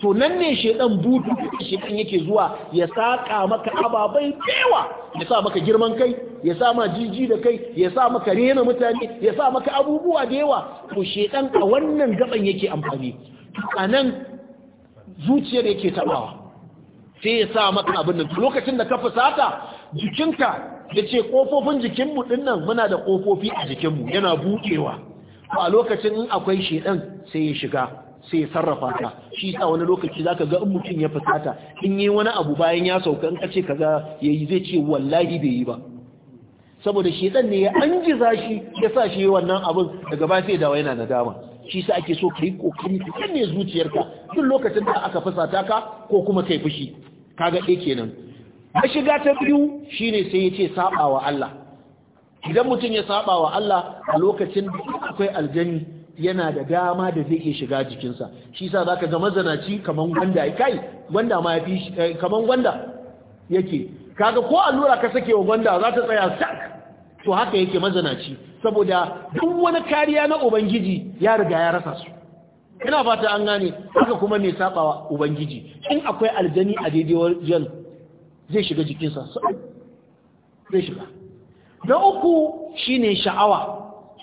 to nan ne shedan butu shedan yake zuwa ya saka maka ababai yawa, ya sa maka girman kai ya sa ma jiji da kai ya sa maka rena mutane ya sa maka abubuwa da yawa to shedan a wannan gaban yake amfani a nan zuciyar yake tabawa sai ya sa maka abin nan lokacin da ka fusata jikinka ya ce ƙofofin jikinmu ɗinnan muna da ƙofofi a jikinmu yana buɗewa a lokacin in akwai shedan sai ya shiga sai ya sarrafa ta shi sa wani lokaci za ka ga in mutum ya fusata in yi wani abu bayan ya sauka in ce ka ga, ya yi zai ce wallahi bai yi ba saboda shedan ne ya anjiza shi ya sa shi wannan abun, daga ba sai dawa yana dama shi sa ake so yi kokari ka ne zuciyarka duk lokacin da aka fusata ka ko kuma kai fushi kaga ɗaya kenan mashiga ta biyu shine sai yace ce Allah idan mutum ya sabawa Allah a lokacin da akwai aljani yana da dama da zai ke shiga jikinsa shi sa zaka zama mazanaci kaman gwanda kai gwanda ma yafi eh, kaman gwanda yake kaga ko allura ka sake wa gwanda za ta tsaya sak to haka yake mazanaci saboda duk wani kariya na ubangiji ya riga ya rasa su ina fata an gane haka kuma mai sabawa ubangiji in akwai aljani a daidai wajen zai shiga jikinsa zai shiga na uku shine sha'awa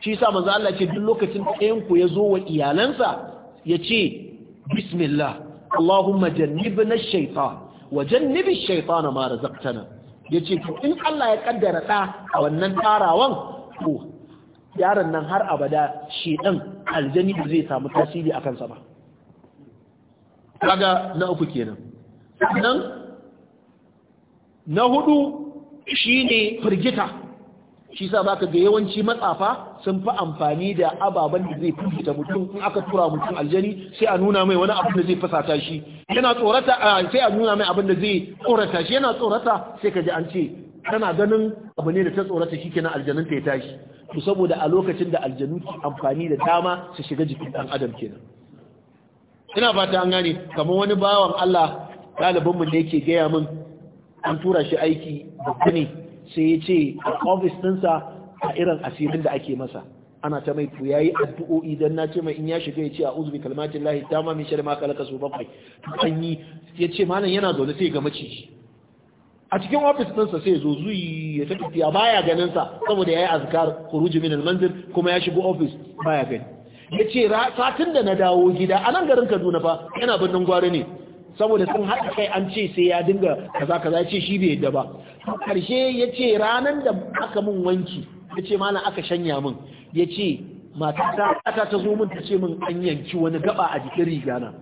shi sa maza Allah ce duk lokacin da ya zo wa iyalansa ya ce bismillah Allahumma jannibna ash-shaytan wa jannib ash-shaytana ma razaqtana yace to in Allah ya kaddara ɗa a wannan tarawan to yaron nan har abada shi ɗan aljani zai samu tasiri a kansa ba kaga na uku kenan sannan na hudu shine firgita shi sa baka ga yawanci matsafa sun fi amfani da ababen da zai firgita mutum in aka tura mutum aljani sai a nuna mai wani abin da zai fasata shi yana tsorata sai a nuna mai abin da zai tsorata shi yana tsorata sai ka ji an ce tana ganin abu ne da ta tsorata shi kenan aljanun ta ya tashi to saboda a lokacin da aljanu ke amfani da dama su shiga jikin dan adam kenan ina fata an gane kamar wani bawan Allah ɗalibinmu ne yake gaya min an tura shi aiki babba ne sai ya ce a ofis ɗinsa a irin asirin da ake masa ana ta mai to yayi addu'o'i dan na ce mai in ya shiga ya ce a'udhu bi kalimatin lahi tamma min sharri ma khalaqa su bakwai an yi ya ce malam yana zaune sai ga maciji a cikin ofis ɗinsa sai zo zuyi ya ta tafiya baya ganin sa saboda yayi azkar khuruj min al-manzil kuma ya shigo ofis baya gani ya ce satin da na dawo gida a nan garin kaduna fa yana birnin gwari ne saboda sun haɗa kai an ce sai ya dinga kaza kaza ya ce shi bai yadda ba karshe ya ce ranar da aka mun wanki ya ce mana aka shanya min ya ce matata ta zo min ta ce min an yanki wani gaba a jikin rigana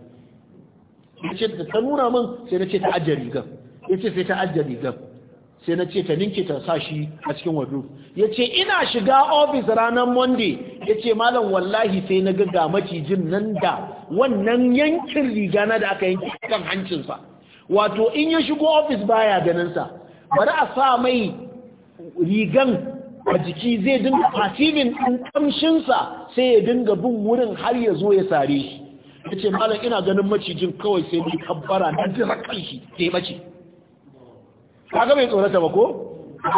ya ce ta nuna min sai na ce ta ajiye rigan ya ce sai ta ajiye rigan sai na ce ta ninke ta sa shi a cikin wardrobe ya ce ina shiga ofis ranar monday ya ce malam wallahi sai na ga ga macijin nan da wannan yankin riga na da aka yanki kan hancinsa wato in ya shigo ofis baya ganinsa bari a sa mai rigan a jiki zai dinga pasivin ɗin kamshinsa sai ya dinga bin wurin har ya zo ya sare shi ya ce malam ina ganin macijin kawai sai mai kabbara na jira shi sai mace kaga bai tsorata ba ko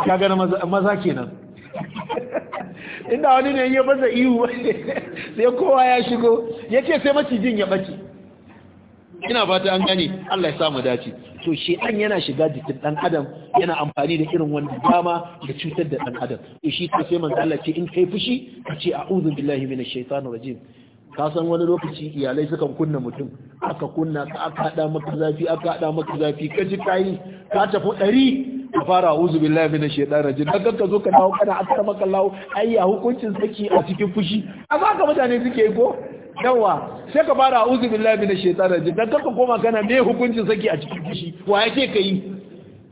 kaga maza kenan inda wani ne ya baza ihu sai kowa ya shigo ya ce sai macijin ya baki ina fata an gane Allah ya samu dace to shi an yana shiga jikin dan adam yana amfani da irin wannan dama da cutar da dan adam to shi sai manzo Allah ce in kai fushi ka ce a'udhu billahi minash shaitani rajim ka san wani lokaci iyalai sukan kunna mutum aka kunna ka aka hada maka zafi aka hada maka zafi ka ji kayi ka tafi ɗari ka fara uzu billahi min shaitan rajim dan ka zo ka dawo kana akramaka Allah ai ya hukuncin saki a cikin fushi amma ka mutane suke ko yawa sai ka fara uzu billahi min shaitan rajim dan ka koma kana me hukuncin saki a cikin fushi wa yake kai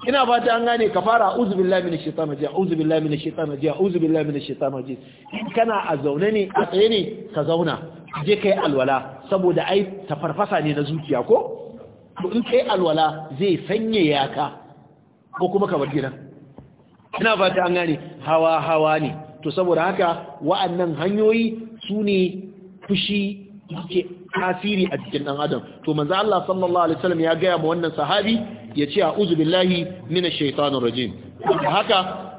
ina fata an gane ka fara a'udhu billahi minash shaitani rajim a'udhu billahi minash shaitani rajim a'udhu billahi minash shaitani rajim in kana a zaune ne a tsaye ne ka zauna je kai alwala saboda ai tafarfasa ne na zuciya ko Ko in kai alwala zai sanya ka ko kuma ka bar gidan ina fata an gane hawa hawa ne to saboda haka wa'annan hanyoyi su ne fushi yake asiri a cikin ɗan adam to manzo Allah sallallahu alaihi wasallam ya gaya ma wannan sahabi ya ce a'udhu billahi minash shaitanir rajim haka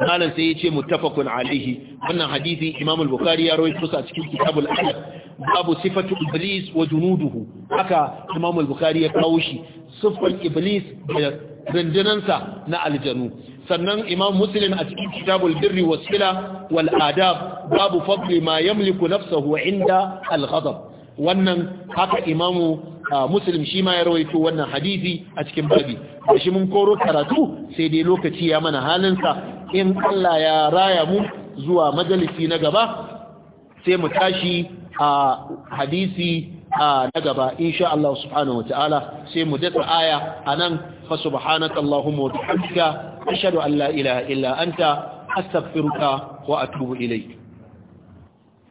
malam sai ya ce muttafaqun alaihi wannan hadisi Imam al-Bukhari ya rawaito sa cikin Kitabul Adab babu sifatu iblis wa junuduhu haka Imam al-Bukhari ya kawo shi sifan iblis da rundunansa na aljanu sannan imam muslim a cikin kitabul birri wasila sila wal adab babu fadli ma yamliku nafsahu inda al ghadab wannan haka imamu muslim shi ma ya rawaito wannan hadisi a cikin babi shi mun koro karatu sai dai lokaci ya mana halinsa in Allah ya raya mu zuwa majalisi na gaba sai mu tashi a hadisi na gaba insha Allah subhanahu wa ta'ala sai mu dasa aya anan fa subhanaka allahumma wa bihamdika ashhadu an la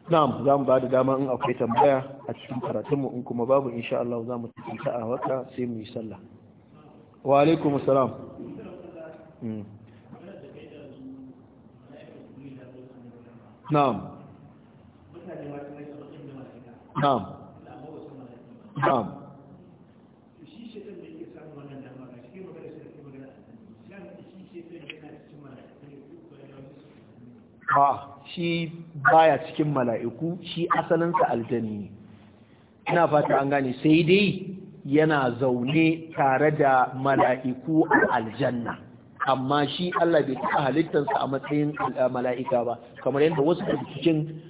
na'am za mu ba da dama in akwai tambaya a cikin karatunmu in kuma babu insha za mu tafi a sai mu yi sallah wa hmm. na'am na'am na'am A'a shi baya cikin mala'iku shi asalinsa aljani ina fata an gane sai dai yana zaune tare da mala'iku a aljanna amma shi Allah bai taɓa halittarsa a matsayin mala'ika ba kamar yadda wasu cikin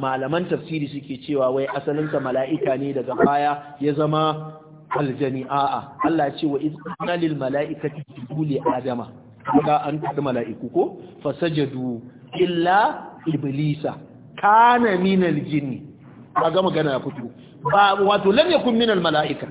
malaman tafsiri suke cewa wai asalinsa mala'ika ne daga baya ya zama aljani a'a Allah ce wa izina lil mala'ikati tuli adama ga an tada mala'iku ko fasajadu illa iblisa kana minal jinni ba ga magana ya fito ba wato lam yakun minal mala'ika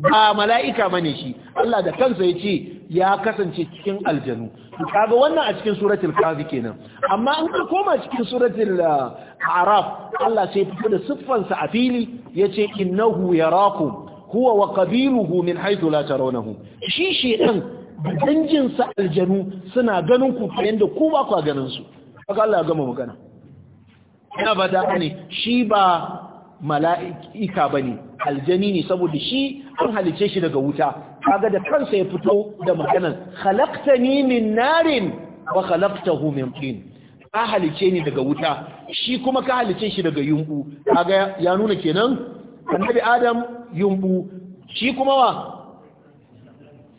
ba mala'ika bane shi Allah da kansa yace ya kasance cikin aljanu kaga wannan a cikin suratul kafi kenan amma in ka koma cikin suratul ah, araf Allah sai fito da siffansa a fili yace innahu yarakum huwa wa qabiluhu min haythu la tarawnahu shi shedan danjinsa aljanu suna ganin ku yanda ku ba ku ganin su haka Allah ya gama magana ina ba ta ne shi ba mala'ika ba ne aljani ne saboda shi an halice shi daga wuta kaga da kansa ya fito da maganar halakta ni min narin wa halakta hu min tin ka halice ni daga wuta shi kuma ka halice shi daga yumbu kaga ya nuna kenan annabi adam yumbu shi kuma wa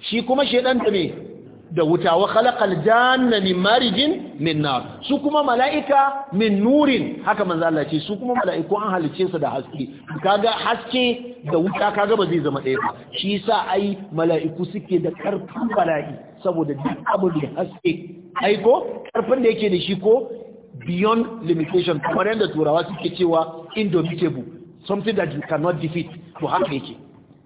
shi kuma shedan ta ne da wuta wa khalaqal janna min marijin min nar su kuma mala'ika min nurin haka manzo Allah ce su kuma mala'iku an halice su da haske kaga haske da wuta kaga ba zai zama ɗaya ba shi yasa ai mala'iku suke da karfin bala'i saboda duk abu da haske ai ko karfin da yake da shi ko beyond limitation kamar yadda turawa suke cewa indomitable something that you cannot defeat to haka yake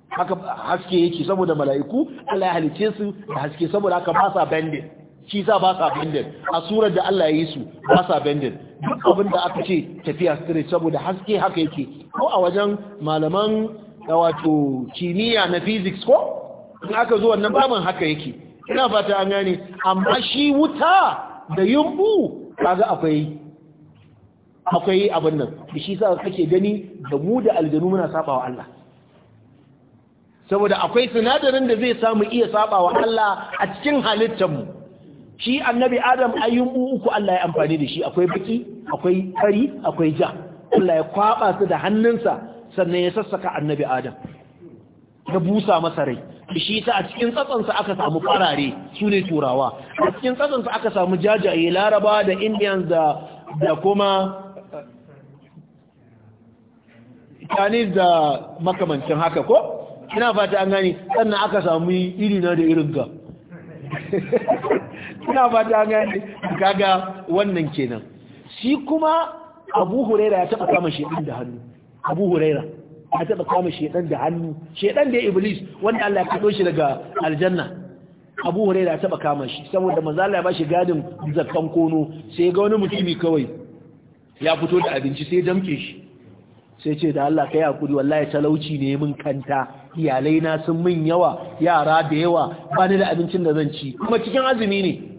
haka haske yake saboda mala'iku Allah ya halice su da haske saboda haka ba sa bendin shi sa ba sa bendin a surar da Allah ya yi su ba sa bendin duk abin da aka ce tafiya sirri saboda haske haka yake ko a wajen malaman da wato kimiyya na physics ko in aka zo wannan babin haka yake ina fata an gane amma shi wuta da yumbu kaga akwai akwai abin nan shi sa kake gani da mu da aljanu muna sabawa Allah saboda akwai sinadarin da zai samu iya saba wa Allah a cikin halittar shi annabi adam ayyun uku Allah ya amfani da shi akwai baki akwai fari akwai ja Allah ya kwaba su da hannunsa sannan ya sassaka annabi adam ya busa masa rai shi ta a cikin tsatsansa aka samu farare su ne turawa a cikin tsatsansa aka samu jajaye laraba da Indiyan, da da kuma chinese da makamancin haka ko ina fata an gani, sannan aka samu iri na da irin ga. ina fata an gani kaga wannan kenan shi kuma abu huraira ya taba kama shedan da hannu abu huraira ya taba kama shedan da hannu shedan da iblis wanda Allah ya kado shi daga aljanna abu huraira ya taba kama shi saboda manzo Allah ya bashi gadin zakkan kono sai ga wani mutumi kawai ya fito da abinci sai damke shi sai ce da Allah ka yi hakuri wallahi talauci ne mun kanta iyalai na sun min yawa yara da yawa ba ni da abincin da zan ci kuma cikin azumi ne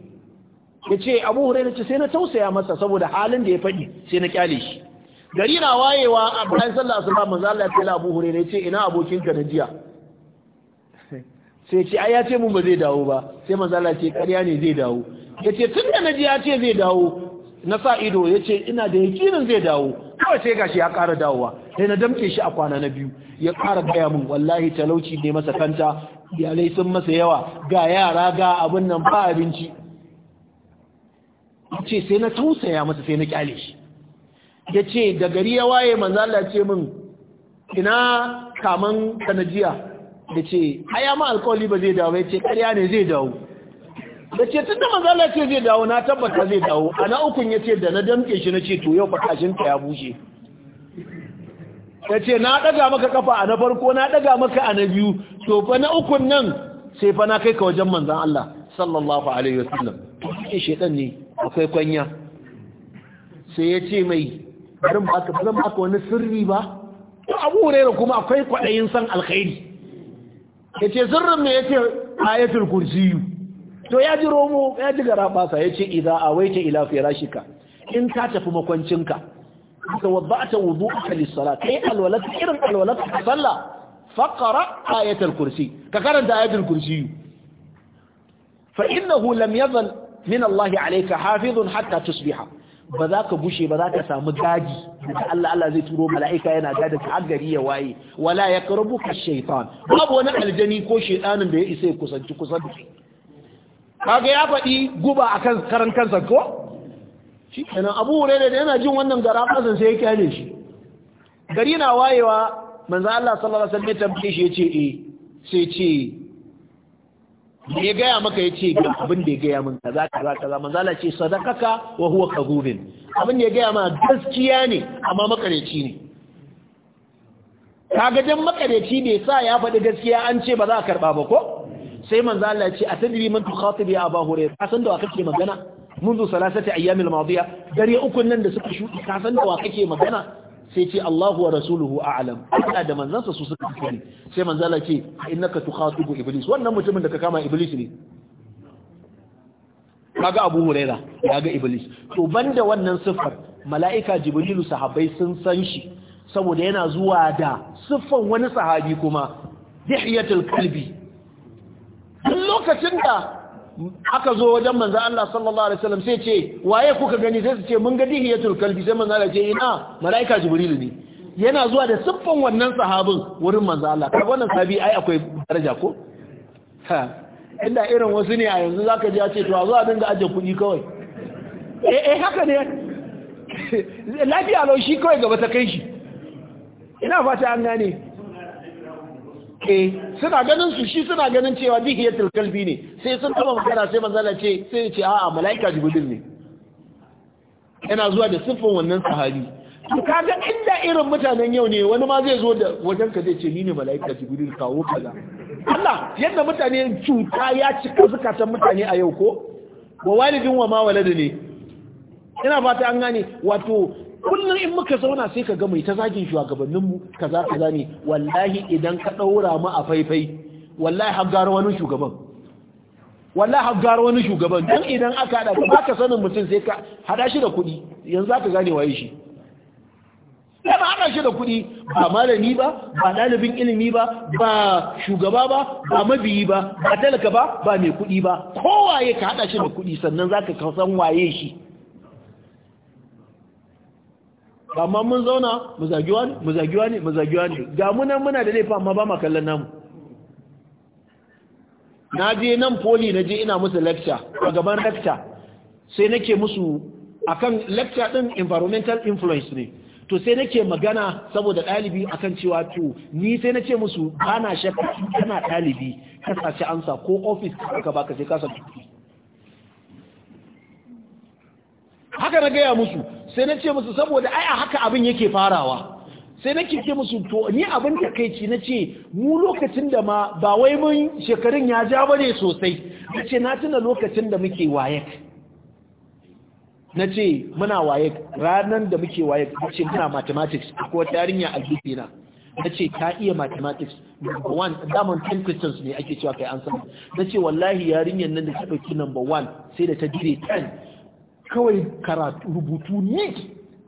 Ya ce Abu na ce sai na tausaya masa saboda halin da ya faɗi sai na kyale shi gari na wayewa a bayan sallah asuba manzo Allah ya kalla Abu ne ce ina abokin ka na jiya sai ce ai ya ce mun ba zai dawo ba sai manzo Allah ce ƙarya ne zai dawo yace da na ji ya ce zai dawo na sa ido ya ce ina da yakinin zai dawo kawai sai gashi ya ƙara dawowa sai na damke shi a kwana na biyu ya ƙara gaya min wallahi talauci ne masa kanta iyalai sun masa yawa ga yara ga abin nan ba abinci ce sai na tausaya masa sai na kyale shi ya ce da gari ya waye manzala ce min ina kaman kanajiya Ya ce haya ma alkawali ba zai dawo ya ce karya ne zai dawo da ce tun da manzala ce zai dawo na tabbata zai dawo a na ukun ya ce da na damke shi na ce to yau fakashinka ya bushe ya ce na ɗaga maka kafa a na farko na ɗaga maka a na biyu to fa na ukun nan sai fa na kai ka wajen manzan Allah sallallahu alaihi wasallam to shi shedan ne akwai kwanya sai ya ce mai bari ba ka ba ka wani sirri ba Abu Hurairah kuma akwai kwaɗayin san alkhairi yace sirrin me yace ayatul kursiyyu to ya ji romo ya ji gara ya ce idza awaita ila firashika in ka tafi makwancinka ka wadda'ata wudu'aka lis-salat kai alwalat irin alwalat sallah faqra ayatul kursi ka karanta ayatul kursi fa innahu lam yadhal min Allah alayka hafizun hatta tusbiha ba za ka bushe ba za ka samu gadi da Allah Allah zai turo mala'ika yana gada ka hagari ya waye wala yaqrubuka ash-shaytan babu wani aljani ko shaytanin da ya isa ya kusanci kusanci kaga ya faɗi guba a kan karan kansa ko shi kenan abu wure da yana jin wannan gara kasan sai ya kyale shi gari na wayewa manzan Allah sallallahu alaihi wasallam tambaye shi ce eh sai ce ya gaya maka ya ce ga abin da ya gaya min kaza kaza kaza manzan Allah ce sadakaka wa huwa kadhubin abin da ya gaya ma gaskiya ne amma makareci ne kaga dan makareci ne sa ya faɗi gaskiya an ce ba za a karba ba ko sai manzo Allah ya ce atadri man tukhatibi ya Abu Hurairah ka san da wa kake magana منذ ثلاثة أيام الماضية دري أكون نند سكشو كاسن دوا كيكي مدنا سيتي الله ورسوله أعلم هذا من ذا سوسك كني سي من ذا إنك تخاطب إبليس وأنا متمن لك كما إبليس لي kaga Abu Huraira ga Iblis to da wannan siffar mala'ika Jibrilu sahabai sun san shi saboda yana zuwa da siffan wani sahabi kuma Dihyatul kalbi. duk lokacin da aka zo wajen manzan Allah sallallahu alaihi wasallam sai ce waye kuka gani sai su ce mun gadi hiyar kalbi sai manzan Allah ce ina malaika jibril ne yana zuwa da siffan wannan sahabin wurin manzan Allah kaga wannan sabi ai akwai daraja ko ha inda irin wasu ne a yanzu ka ji a ce to a zo a dinga ajiye kuɗi kawai eh eh haka ne lafiya lau shi kawai gaba ta kai shi ina fata an gane eh suna ganin su shi suna ganin cewa dihiyatul kalbi ne sai sun kuma magana sai manzala ce sai ya ce a'a malaika jibril ne yana zuwa da siffin wannan sahabi to kaga inda irin mutanen yau ne wani ma zai zo da wajen ka zai ce ni ne malaika jibril kawo kaza Allah yadda mutane cuta ya cika zukatan mutane a yau ko wa walidin wa ma walada ne ina fata an gane wato kullum in muka zauna sai ka ga mai ta zagin shugabanninmu kaza kaza ne wallahi idan ka ɗaura mu a faifai wallahi har wani shugaban wallahi har wani shugaban don idan aka haɗa ka sanin mutum sai ka haɗa shi da kuɗi yanzu aka gane waye shi yana haɗa shi da kuɗi ba malami ba ba ɗalibin ilimi ba ba shugaba ba ba mabiyi ba ba talaka ba ba mai kuɗi ba kowaye ka haɗa shi da kuɗi sannan za ka san waye shi amma mun zauna mu zagiwa ne mu zagiwa ne mu zagiwa ne ga munan muna da laifi amma ba ma kallon namu na je nan poli na je ina musu lecture a gaban lecture sai nake musu akan lecture din environmental influence ne to sai nake magana saboda ɗalibi akan cewa to ni sai nake musu bana shakka kana ɗalibi ka sace ansa ko office ka baka sai ka sace haka na gaya musu sai na ce musu saboda ai a haka abin yake farawa sai na ce musu to ni abin takeici na ce mu lokacin da ma ba wai mun shekarun ya ja bane sosai na ce na tuna lokacin da muke wayek na ce muna wayek ranar da muke wayek na ce muna mathematics ko tarinya a gifina na ce ta iya mathematics number one daman 10 christians ne ake cewa kai an sami na ce wallahi yarinyar nan da ta ɗauki number one sai da ta dire 10 kawai karatu rubutu ne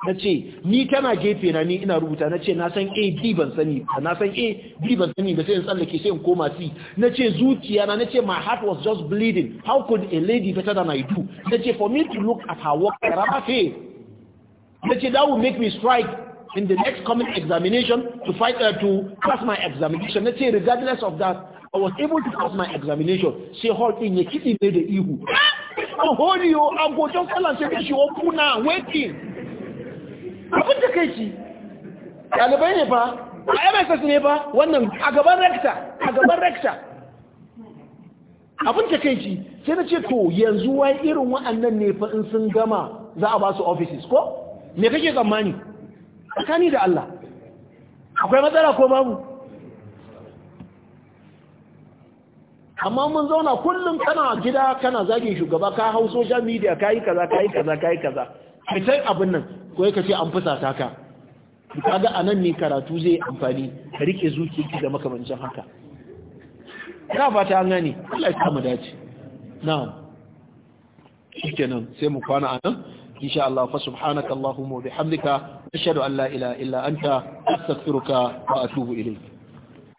na ce ni tana gefe na ni ina rubuta na ce na san a b ban sani ba na san a b ban sani ba sai in tsallake sai in koma c na ce zuciya na na ce my heart was just bleeding how could a lady better than I do na ce for me to look at her work I rather fail na ce that will make me strike in the next coming examination to fight uh, to pass my examination na ce regardless of that I was able to pass my examination sai hall din ya kiɗi ne da ihu a holi yo a gojon kalan sai shi wa now. waiting abin da kai ci ɗalibai ne ba, a mss ne ba wannan a gaban rector a gaban rector abin da kai sai na ce to yanzu wai irin wa'annan ne fa in sun gama za a ba su offices ko me kake tsammani tsakani da Allah akwai matsala ko babu amma mun zauna kullum kana gida kana zagin shugaba ka hau social media ka yi kaza ka yi kaza ka yi kaza kai abin nan ko ka ce an fusata ka ga a nan ne karatu zai amfani ka rike zuciyarki da makamancin haka ina fata an gane Allah ya mu dace na'am nan sai mu kwana a nan insha Allah fa subhanaka allahumma wa bihamdika ashhadu an la ilaha illa anta astaghfiruka wa atubu ilayk